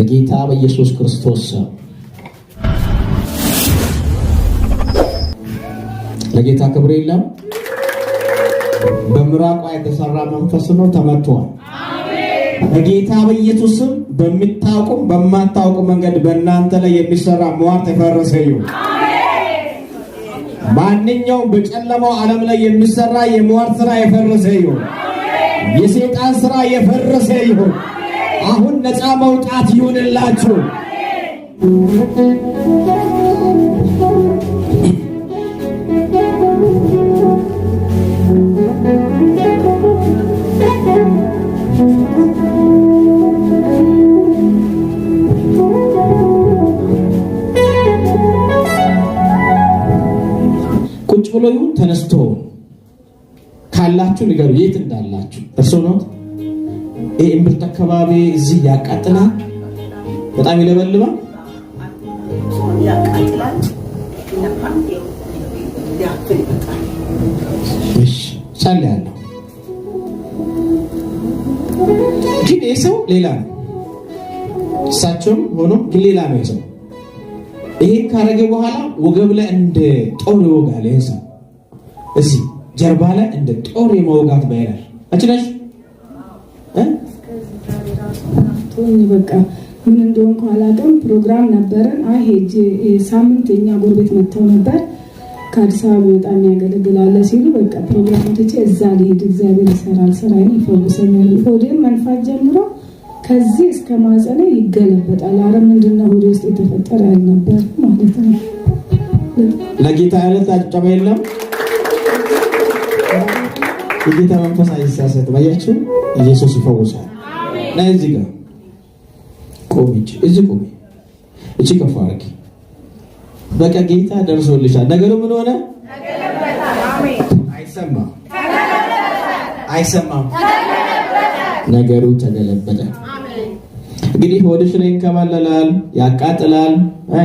በጌታ በኢየሱስ ክርስቶስ ለጌታ ክብር የለም። በምራቋ የተሰራ መንፈስ ነው፣ ተመቷል። በጌታ በኢየሱስም በሚታውቁም በማታውቁ መንገድ በእናንተ ላይ የሚሰራ መዋር ተፈረሰ ይሁን። ማንኛውም በጨለማው ዓለም ላይ የሚሰራ የመዋር ስራ የፈረሰ ይሁን። የሴጣን ስራ የፈረሰ ይሁን። አሁን ነፃ መውጣት ይሁንላችሁ። ቁጭ ብሎ ይሁን ተነስቶ ካላችሁ ንገሩ፣ የት እንዳላችሁ እርስ ነው ይህ እምብርት አካባቢ እዚህ ያቃጥላል፣ በጣም ይለበልባል። ጸልያለሁ፣ ግን ይህ ሰው ሌላ ነው። እሳቸውም ሆኖ ግን ሌላ ነው ሰው። ይሄን ካረገ በኋላ ወገብ ላይ እንደ ጦር ይወጋል። ይህ ሰው እዚህ ጀርባ ላይ እንደ ጦር የመወጋት በቃ ምን እንደሆን ከኋላ ፕሮግራም ነበረን። አይ ሄጄ ሳምንት የኛ ጎረቤት መጥተው ነበር ከአዲስ አበባ በጣም ያገለግላለ ሲሉ በቃ ፕሮግራም ትቼ እዛ ሊሄድ እግዚአብሔር ይሰራል ስራዬን ይፈውሰኛል። ሆዴን መንፋት ጀምሮ ከዚህ እስከ ማጸነ ይገለበጣል። አረ ምንድነው ሆዴ ውስጥ የተፈጠረ ያልነበር ማለት ነው። ለጌታ ያለት አጭብጨባ የለም። የጌታ መንፈሳዊ አይሳሰት። ባያችሁ ኢየሱስ ይፈውሳል። ና እዚህ ጋር ቆሚ፣ እዚህ ቆሚ፣ እቺ ከፍ አድርጊ። በቃ ጌታ ደርሶልሻል። ነገሩ ምን ሆነ? አይሰማም፣ አይሰማም። ነገሩ ተገለበጠ። እንግዲህ ላይ ይንከባለላል፣ ያቃጥላል፣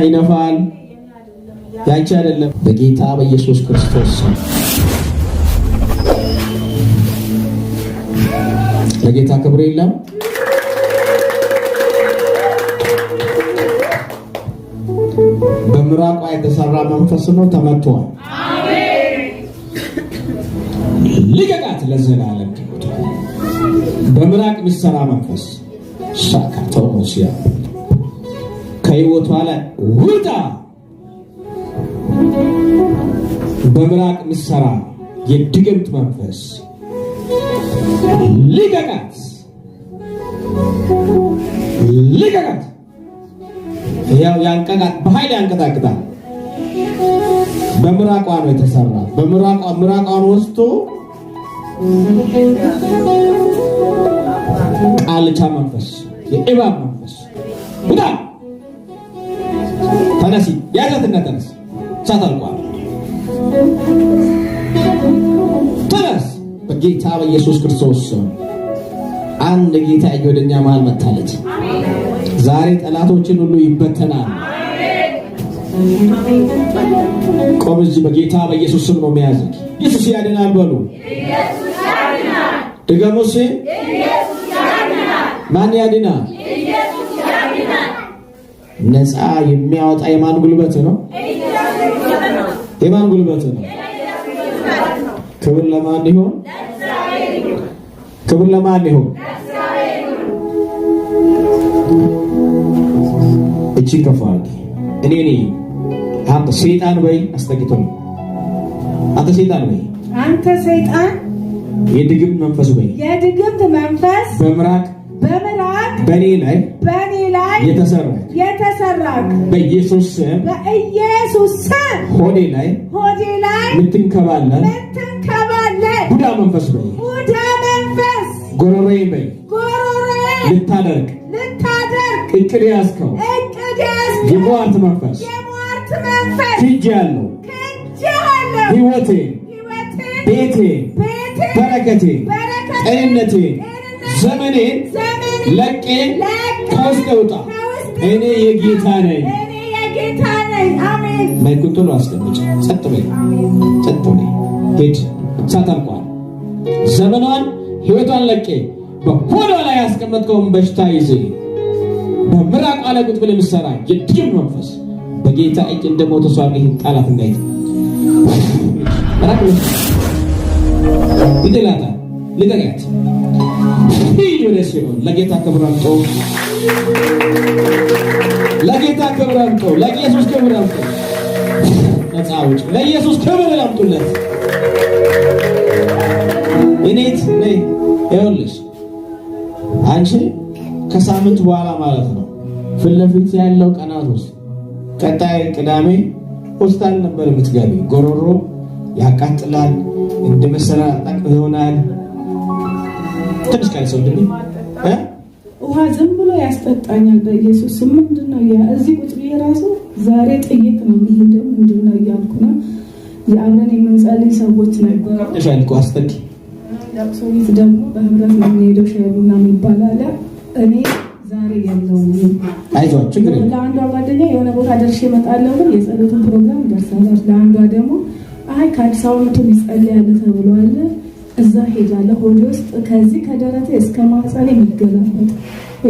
ይነፋል። ያንቺ አይደለም። በጌታ በኢየሱስ ክርስቶስ ለጌታ ክብር የለም። በምራቋ የተሰራ መንፈስ ነው ተመቷል። ልቀቃት ለዘላለም በምራቅ የሚሰራ መንፈስ ሻካ ከህይወቷ ላይ ውጣ። በምራቅ የሚሰራ የድግምት መንፈስ ልቀቃት፣ ልቀቃት። ያው ያንቀጣት በኃይል ያንቀጣቅጣል። በምራቋ ነው የተሰራ። በምራቋ ምራቋን ወስዶ ቃልቻ መንፈስ፣ የእባብ መንፈስ ውጣ፣ ተነሲ፣ ያዘትና ተነስ ሳታልቋል በጌታ በኢየሱስ ክርስቶስ ስም አንድ ጌታ እጅ ወደኛ መሃል መታለች። ዛሬ ጠላቶችን ሁሉ ይበተናል። ቆም እዚህ በጌታ በኢየሱስ ስም ነው መያዝ። ኢየሱስ ያድናል በሉ። ድገሙ። እሺ፣ ማን ያድናል? ነፃ የሚያወጣ የማን ጉልበት ነው? የማን ጉልበት ነው? ክብር ለማን ይሆን? ክብር ለማን ይሁን? እቺ ከፍ እኔ ነኝ አንተ ሰይጣን ወይ አስጠቂቶ አንተ ሰይጣን ወይ አንተ ሰይጣን የድግምት መንፈስ ወይ የድግምት መንፈስ በምራቅ በምራቅ በኔ ላይ በኔ ላይ የተሰራክ የተሰራክ በኢየሱስ ስም በኢየሱስ ስም ሆዴ ላይ ሆዴ ላይ ምትንከባለል ቡዳ መንፈስ በይ ቡዳ መንፈስ ጎረሮዬ በይ ጎረሮዬ ልታደርግ ልታደርግ እቅድ ያዝከው እቅድ ያዝከው የሟርት መንፈስ የሟርት መንፈስ ክጅ ያለው ክጅ ያለው ህይወቴ ቤቴ በረከቴ ጤንነቴ ዘመኔ ለቄ ከውስጥ ውጣ እኔ የጌታ ነኝ ጌታ ነኝ። አሜን። ማይኩን ቶሎ አስቀምጪ። ጸጥ በይ፣ ጸጥ በይ። ሂድ እሳት ዘመኗን ህይወቷን ለቄ በሆዷ ላይ ያስቀመጥከውን በሽታ ይዜ በምራቅ አለቁት ብለ ምሰራ የድም መንፈስ በጌታ እጅ ሞተ ሰው አድርገህ ቃላት እንዳይት ይጥላታል። ልቀቂያት። ሂድ ወደ ሲሆን ለጌታ ክብር አምጦ ለጌታ ክብር አምጦ ለኢየሱስ ክብር አምጦ ነፃ ውጭ ለኢየሱስ ክብር አምጡለት። እኔት ነይ ይኸውልሽ፣ አንቺ ከሳምንት በኋላ ማለት ነው ፊት ለፊት ያለው ቀናት ውስጥ ቀጣይ ቅዳሜ ሆስፒታል ነበር የምትገቢ። ጎሮሮ ያቃጥላል፣ እንደ መሰላ መሰነጣጠቅ ይሆናል። ትንሽ ቀን ሰው ድን ውሃ ዝም ብሎ ያስጠጣኛል። በኢየሱስ ምንድን ነው እዚህ ቁጭ ብዬ ራሱ ዛሬ ጥይት ነው የሚሄደው ምንድን ነው እያልኩ ነው። የአብረን የምንጸልይ ሰዎች ነበር ሻልኩ አስጠቂ ለቅሶ ቤት ደግሞ በህብረት ነው የምንሄደው። ሻይ ቡና የሚባል አለ። እኔ ዛሬ ያለው አይዞህ ችግር የለም። ለአንዷ ጓደኛ የሆነ ቦታ ደርሼ እመጣለሁ፣ ግን የጸሎትን ፕሮግራም ደርሳለች። ለአንዷ ደግሞ አይ ከአዲስ አበባ መቶ ይጸለያል ተብሏል። እዛ ሄዳለሁ። ሆዴ ውስጥ ከዚህ ከደረተ እስከ ማህፀን የሚገለበጥ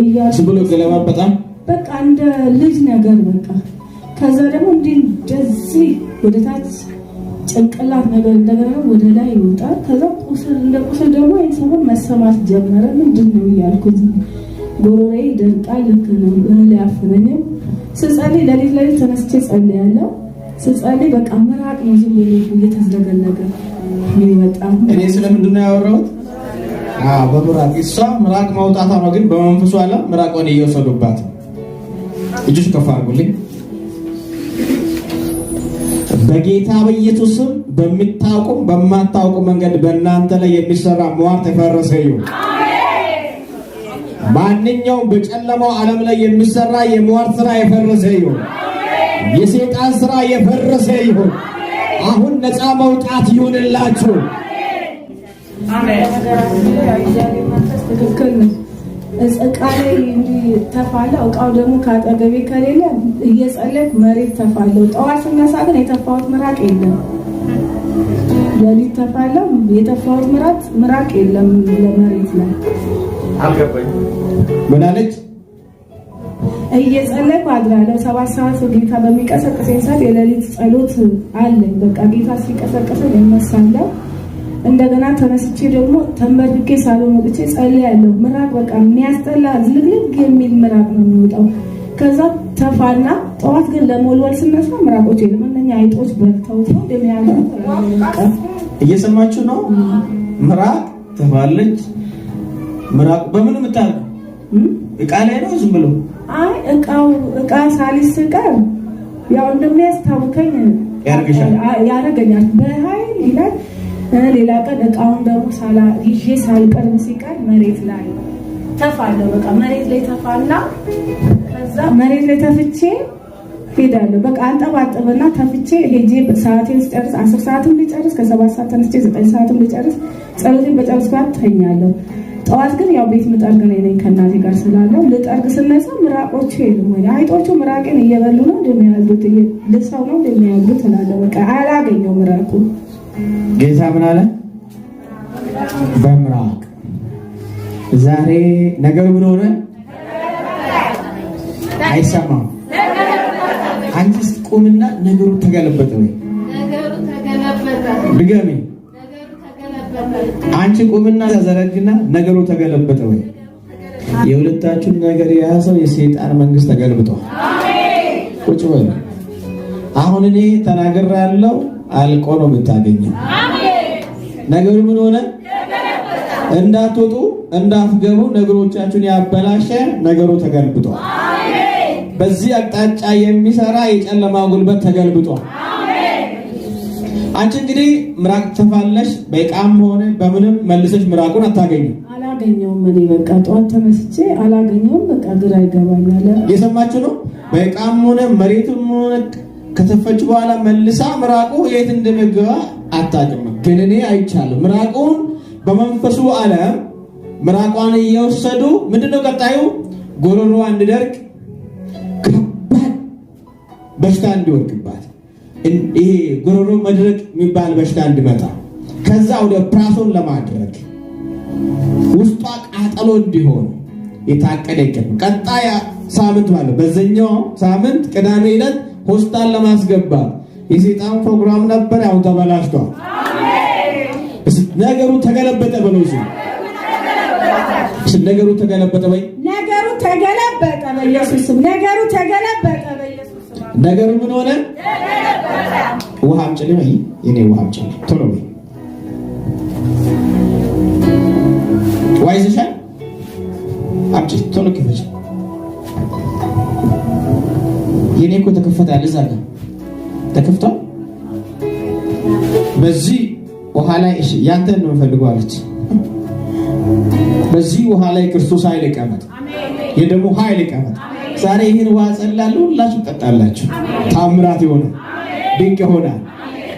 እያልኩ ብሎ ገለባ በጣም በቃ እንደ ልጅ ነገር በቃ ከዛ ደግሞ እንዲህ እንደዚህ ወደታች ጭንቅላት ነገር እንደገና ወደ ላይ ይወጣል። ከዛ ቁስል እንደ ቁስል ደግሞ የሰሙን መሰማት ጀመረ። ምንድን ነው እያልኩት ጎሮሬ ደርቃ ልክ ነው እህል ያፍነኝ። ስጸልይ ለሊት ለሊት ተነስቼ ጸልያለሁ። ስጸልይ በቃ ምራቅ ነው ዝም ብሎ እየተዝለገለገ ሚወጣ። እኔ ስለምንድን ነው ያወራሁት? በምራቅ እሷ ምራቅ ማውጣቷ ነው፣ ግን በመንፈሱ አለ ምራቅ ሆነ እየወሰዱባት እጆች ከፍ አድርጉልኝ በጌታ በኢየሱስ ስም በሚታውቁም በማታውቁ መንገድ በእናንተ ላይ የሚሰራ መዋቅር የፈረሰ ይሁን። ማንኛውም በጨለማው ዓለም ላይ የሚሰራ የመዋቅር ስራ የፈረሰ ይሁን። የሰይጣን ስራ የፈረሰ ይሁን። አሁን ነፃ መውጣት ይሁንላችሁ። አሜን። እቃ ላይ ተፋለ። እቃው ደግሞ ከአጠገቤ ከሌለ እየጸለይኩ መሬት ተፋለው። ጠዋት ስነሳ ግን የተፋሁት ምራቅ የለም። ለሊት ተፋለው። የተፋሁት ምራት ምራቅ የለም። ለመሬት ላይ አልገባኝ ምናለች እየጸለይኩ አድራለሁ። ሰባት ሰዓት ጌታ በሚቀሰቅሰኝ ሰዓት የሌሊት ጸሎት አለኝ። በቃ ጌታ ሲቀሰቅሰኝ እነሳለሁ። እንደገና ተነስቼ ደግሞ ተንበርክኬ ሳሎን ወጥቼ ጸልያለሁ። ምራቅ በቃ የሚያስጠላ ዝልግልግ የሚል ምራቅ ነው የሚወጣው። ከዛ ተፋና ጠዋት ግን ለመወልወል ስነሳ ምራቆች የለም። እነኛ አይጦች በልተው ነው እንደሚያሉ እየሰማችሁ ነው። ምራቅ ተፋለች። ምራቅ በምን ምታል እቃ ላይ ነው ዝም ብሎ አይ እቃው እቃ ሳሊስ ቀር ያው እንደሚያስታውከኝ ያረገኛል በሀይል ይላል ሌላ ቀን እቃውን ደግሞ ይዤ ሳልቀርብ ሲቀር መሬት ላይ ተፋለሁ። በቃ መሬት ላይ ተፋላ። ከዛ መሬት ላይ ተፍቼ ሄዳለሁ። በቃ አንጠባጥብና ተፍቼ ሄጄ ሰዓቴን ስጨርስ አስር ሰዓትም ልጨርስ ከሰባት ሰዓት ተነስቼ ዘጠኝ ሰዓትም ልጨርስ ጸሎቴን በጨርስ ጋር ተኛለሁ። ጠዋት ግን ያው ቤት ምጠርግ ነው ነኝ ከእናቴ ጋር ስላለው ልጠርግ ስነሳ ምራቆቹ የሉም ወይ አይጦቹ ምራቄን እየበሉ ነው እንደሚያሉት ልሰው ነው እንደሚያሉት እላለሁ። በቃ አላገኘው ምራቁ ጌታ ምን አለ? በምራቅ ዛሬ ነገር ምን ሆነ? አይሰማም። አንቺ ቁምና ነገሩ ተገለበጠ ወይ? ድገሚ። አንቺ ቁምና ተዘረግና ነገሩ ተገለበጠ ወይ? የሁለታችሁን ነገር የያዘው የሰይጣን መንግስት ተገልብጧል። ቁጭ በል። አሁን እኔ ተናገር ያለው አልቆ ነው የምታገኘው። ነገሩ ምን ሆነ? እንዳትወጡ እንዳትገቡ ነገሮቻችሁን ያበላሸ ነገሩ ተገልብጧል። በዚህ አቅጣጫ የሚሰራ የጨለማ ጉልበት ተገልብጧል። አንቺ እንግዲህ ምራቅ ተፋለሽ፣ በቃም ሆነ በምንም መልሰሽ ምራቁን አታገኙም። አላገኘውም። እኔ በቃ ጠዋት ተመስቼ አላገኘውም። በቃ ግራ ይገባኛል። የሰማችሁ ነው። በቃም ሆነ መሬትም ሆነ ከተፈጭ በኋላ መልሳ ምራቁ የት እንደመገባ አታውቅም። ግን እኔ አይቻለሁ። ምራቁን በመንፈሱ ዓለም ምራቋን እየወሰዱ ምንድነው ቀጣዩ? ጎሮሮዋ እንዲደርቅ ከባድ በሽታ እንዲወግባት ይሄ ጎሮሮ መድረቅ የሚባል በሽታ እንዲመጣ ከዛ ወደ ፕራሶን ለማድረግ ውስጧ ቃጠሎ እንዲሆን የታቀደ ቀጣይ ሳምንት ማለት በዘኛው ሳምንት ቅዳሜ ዕለት ውስጣን ለማስገባት የሴጣን ፕሮግራም ነበር። ያው ተበላሽቷል። ነገሩ ተገለበጠ በለው። እሱ ነገሩ ተገለበጠ ወይ ነገሩ ተገለበጠ በኢየሱስ ስም። ነገሩ ተገለበጠ በኢየሱስ ስም። ነገሩ ምን ሆነ? ውሃ አምጪልኝ በይ። የኔ ውሃም አምጪልኝ ቶሎ ወይ የተከፈተ ያለ እዛ ጋር ተከፍቷል። በዚህ ውሃ ላይ እሺ፣ ያንተን ነው የምፈልገው አለች። በዚህ ውሃ ላይ ክርስቶስ ኃይል ይቀመጥ፣ የደሙ ኃይል ይቀመጥ። ዛሬ ይህን ውሃ ጸላለሁ፣ ሁላችሁ ጠጣላችሁ። ታምራት ይሆናል፣ ድንቅ ይሆናል።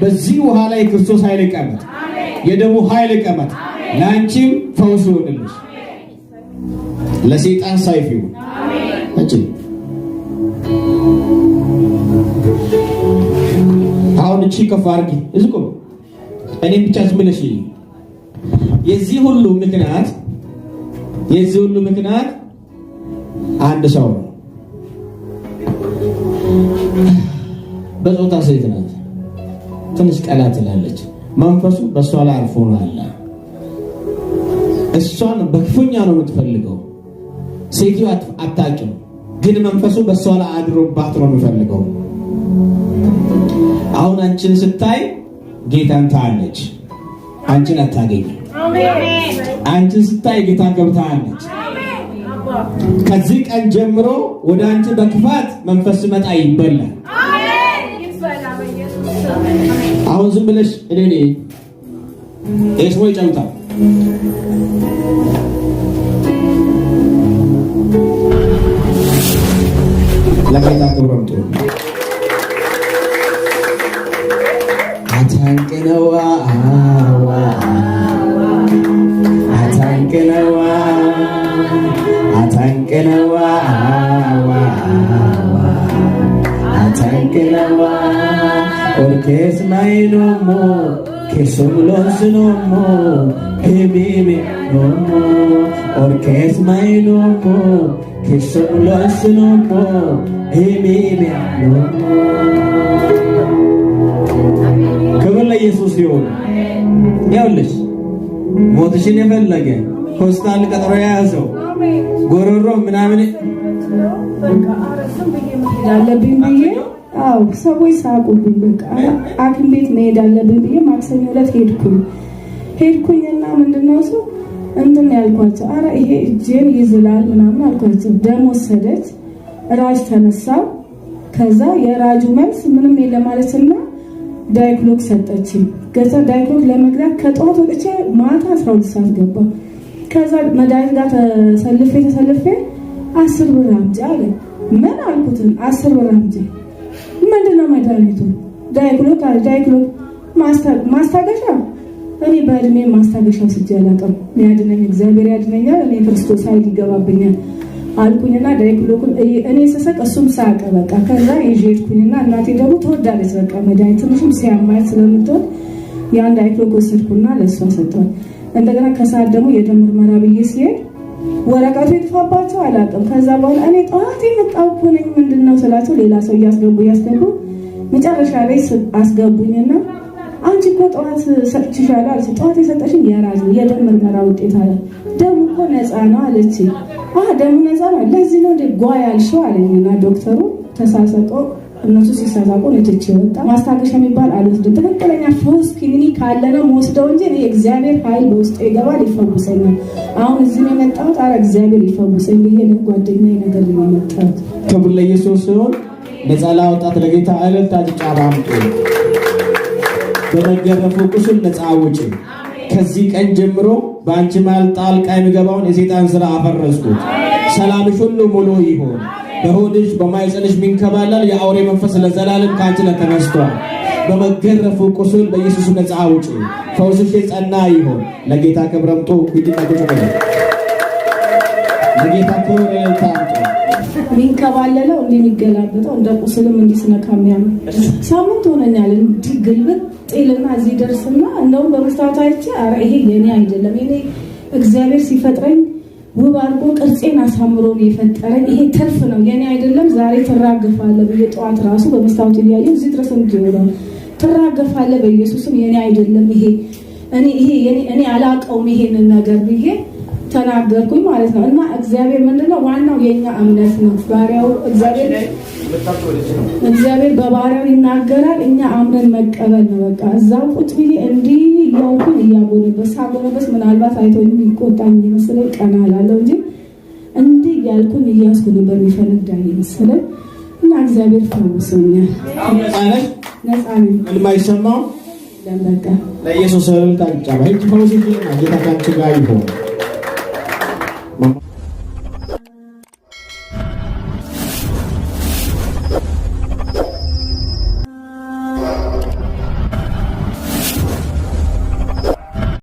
በዚህ ውሃ ላይ ክርስቶስ ኃይል ይቀመጥ፣ የደሙ ኃይል ይቀመጥ። ለአንቺም ፈውስ ይሆንልሽ፣ ለሰይጣን ሰይፍ ይሁን። አንቺ ከፍ አድርጊ እዚህ እኔ ብቻ ዝም ብለሽ የዚህ ሁሉ ምክንያት የዚህ ሁሉ ምክንያት አንድ ሰው ነው። በጾታ ሴት ናት። ትንሽ ቀላ ትላለች። መንፈሱ በእሷ ላይ አርፎ ነው አለ። እሷን በክፉኛ ነው የምትፈልገው። ሴትዮ አታውቂም፣ ግን መንፈሱ በእሷ ላይ አድሮባት ነው የሚፈልገው። አሁን አንቺን ስታይ ጌታን ታያለች፣ አንቺን አታገኝ። አንቺን ስታይ ጌታን ገብታለች። ከዚህ ቀን ጀምሮ ወደ አንቺ በክፋት መንፈስ ሲመጣ ይበላል። አሁን ዝም ብለሽ እኔ ነኝ እሽ ወይ ይጨምታል ለጌታ ክብረምጡ አታንቅነዋ አታንቅነዋ አታንቅነዋ አታንቅነዋ ኦርኬስ ማይኖሞ ኬሶምሎንስኖሞ ሄሚሜ ኖሞ ኦርኬስ ማይኖሞ ኬሶምሎንስኖሞ ሄሚሜ ኖሞ ለኢየሱስ ይሁን። ይኸውልሽ ሞትሽን የፈለገ ሆስፒታል ቀጠሮ የያዘው ጎረሮ ምናምን አው ብዬ አዎ ሰዎች ሳቁብኝ። በቃ ሐኪም ቤት መሄድ አለብኝ ብዬ ማክሰኞ ዕለት ሄድኩኝ ሄድኩኝና ምንድነው ሰው እንትን ያልኳቸው፣ አረ ይሄ እጄን ይዝላል ምናምን አልኳቸው። ደም ወሰደች፣ ራጅ ተነሳ። ከዛ የራጁ መልስ ምንም የለም ማለትና ዳይክሎክ ሰጠችኝ። ገዛ ዳይክሎክ ለመግዛት ከጠዋት ወጥቼ ማታ 12 ሰዓት ገባ። ከዛ መድኃኒት ጋር ተሰልፌ ተሰልፌ አስር ብር አምጪ አለ። ምን አልኩትን? አስር ብር አምጪ። ምንድነው መድኃኒቱ? ዳይክሎክ አለ። ዳይክሎክ ማስታገሻ እኔ በእድሜ ማስታገሻ ስጄ አላውቅም። ያድነኝ እግዚአብሔር ያድነኛል። እኔ ክርስቶስ ኃይል ይገባብኛል። አልኩኝና ዳይክሎኩን እኔ ስስቅ እሱም ሳቀ። በቃ ከዛ ይዤ ሄድኩኝና እናቴ ደግሞ ትወዳለች። በቃ መድኃኒት ትንሹም ሲያማየት ስለምትወድ ያን ዳይክ ብሎክ ወሰድኩና ለእሷ ሰጠዋል። እንደገና ከሰዓት ደግሞ የደም ምርመራ ብዬ ሲሄድ ወረቀቱ የጠፋባቸው አላውቅም። ከዛ በኋላ እኔ ጠዋት የመጣሁ እኮ ነኝ ምንድን ነው ስላቸው ሌላ ሰው እያስገቡ እያስገቡ መጨረሻ ላይ አስገቡኝና አንቺ እኮ ጠዋት ሰጥችሻለሁ አለች። ጠዋት የሰጠሽኝ የራስ የደም ምርመራ ውጤት አለ። ደም እኮ ነፃ ነው አለች። ደሙ ነፃ ነው ለዚህ ነው እንደ ጓ ያልሽው አለኝና ዶክተሩ ተሳሰቆ እነሱ ሲሳሳቁ ነትች ወጣ ማስታገሻ የሚባል አልወስድም። ትክክለኛ ፎስ ክሊኒክ ካለ ነው መወስደው እንጂ እኔ እግዚአብሔር ኃይል በውስጥ ይገባል ይፈውሰኛል። አሁን እዚህ ነው የመጣሁት። አረ እግዚአብሔር ይፈውሰኝ ብዬ ጓደኛ ነገር ነው የመጣሁት። ክብር ለኢየሱስ ሲሆን ነፃ ላወጣት ለጌታ እልልታ ጭጫ ባምጡ በመገረፉ ቁስል ነፃ ውጪ። ከዚህ ቀን ጀምሮ በአንቺ መሃል ጣልቃ የሚገባውን የሴጣን ስራ አፈረስኩት። ሰላምሽ ሁሉ ሙሉ ይሁን። በሆድሽ በማይጸንሽ ሚንከባላል የአውሬ መንፈስ ለዘላለም ከአንቺ ላይ ተነስቷል። በመገረፉ ቁስል በኢየሱስ ነፃ ውጭ። ፈውስሽ የጸና ይሁን። ለጌታ ክብር አምጡ። ለጌታ ክብር ታምጡ። የሚንከባለለው እንዲህ የሚገላበጠው እንደ ቁስልም እንዲህ ስነካ የሚያምር ሳምንት ሆነኛል። ግልብጥ ጤልና እዚህ ደርስና እንደውም በመስታወታች አይቼ ኧረ ይሄ የኔ አይደለም የኔ እግዚአብሔር ሲፈጥረኝ ውብ አድርጎ ቅርጼን አሳምሮ የፈጠረኝ ይሄ ትርፍ ነው የኔ አይደለም። ዛሬ ትራገፋለ ብዬ ጠዋት ራሱ በመስታወት እያየ እዚህ ድረስ እንዲሆነ ትራገፋለ በኢየሱስም የኔ አይደለም ይሄ እኔ ይሄ እኔ አላቀውም ይሄንን ነገር ብዬ ተናገርኩኝ ማለት ነው። እና እግዚአብሔር ምንድነው ዋናው የኛ እምነት ነው። ባሪያው እግዚአብሔር በባሪያው ይናገራል። እኛ አምነን መቀበል ነው። በቃ እዛው ቁጭ ብዬ እንዲህ እያውኩን እያጎነበስ ሳጎነበስ ምናልባት አይቶ የሚቆጣኝ ይመስለኝ ቀና እንጂ እንዲህ እያልኩን እያስኩ ነበር የሚፈነዳ ይመስለኝ እና እግዚአብሔር ፈውሶኛል። ነፃ ነኝ። የማይሰማው ለበቃ ለኢየሱስ ሰብልጣጫ ባይት ጌታ ከአንቺ ጋር ይሆን Mm-hmm.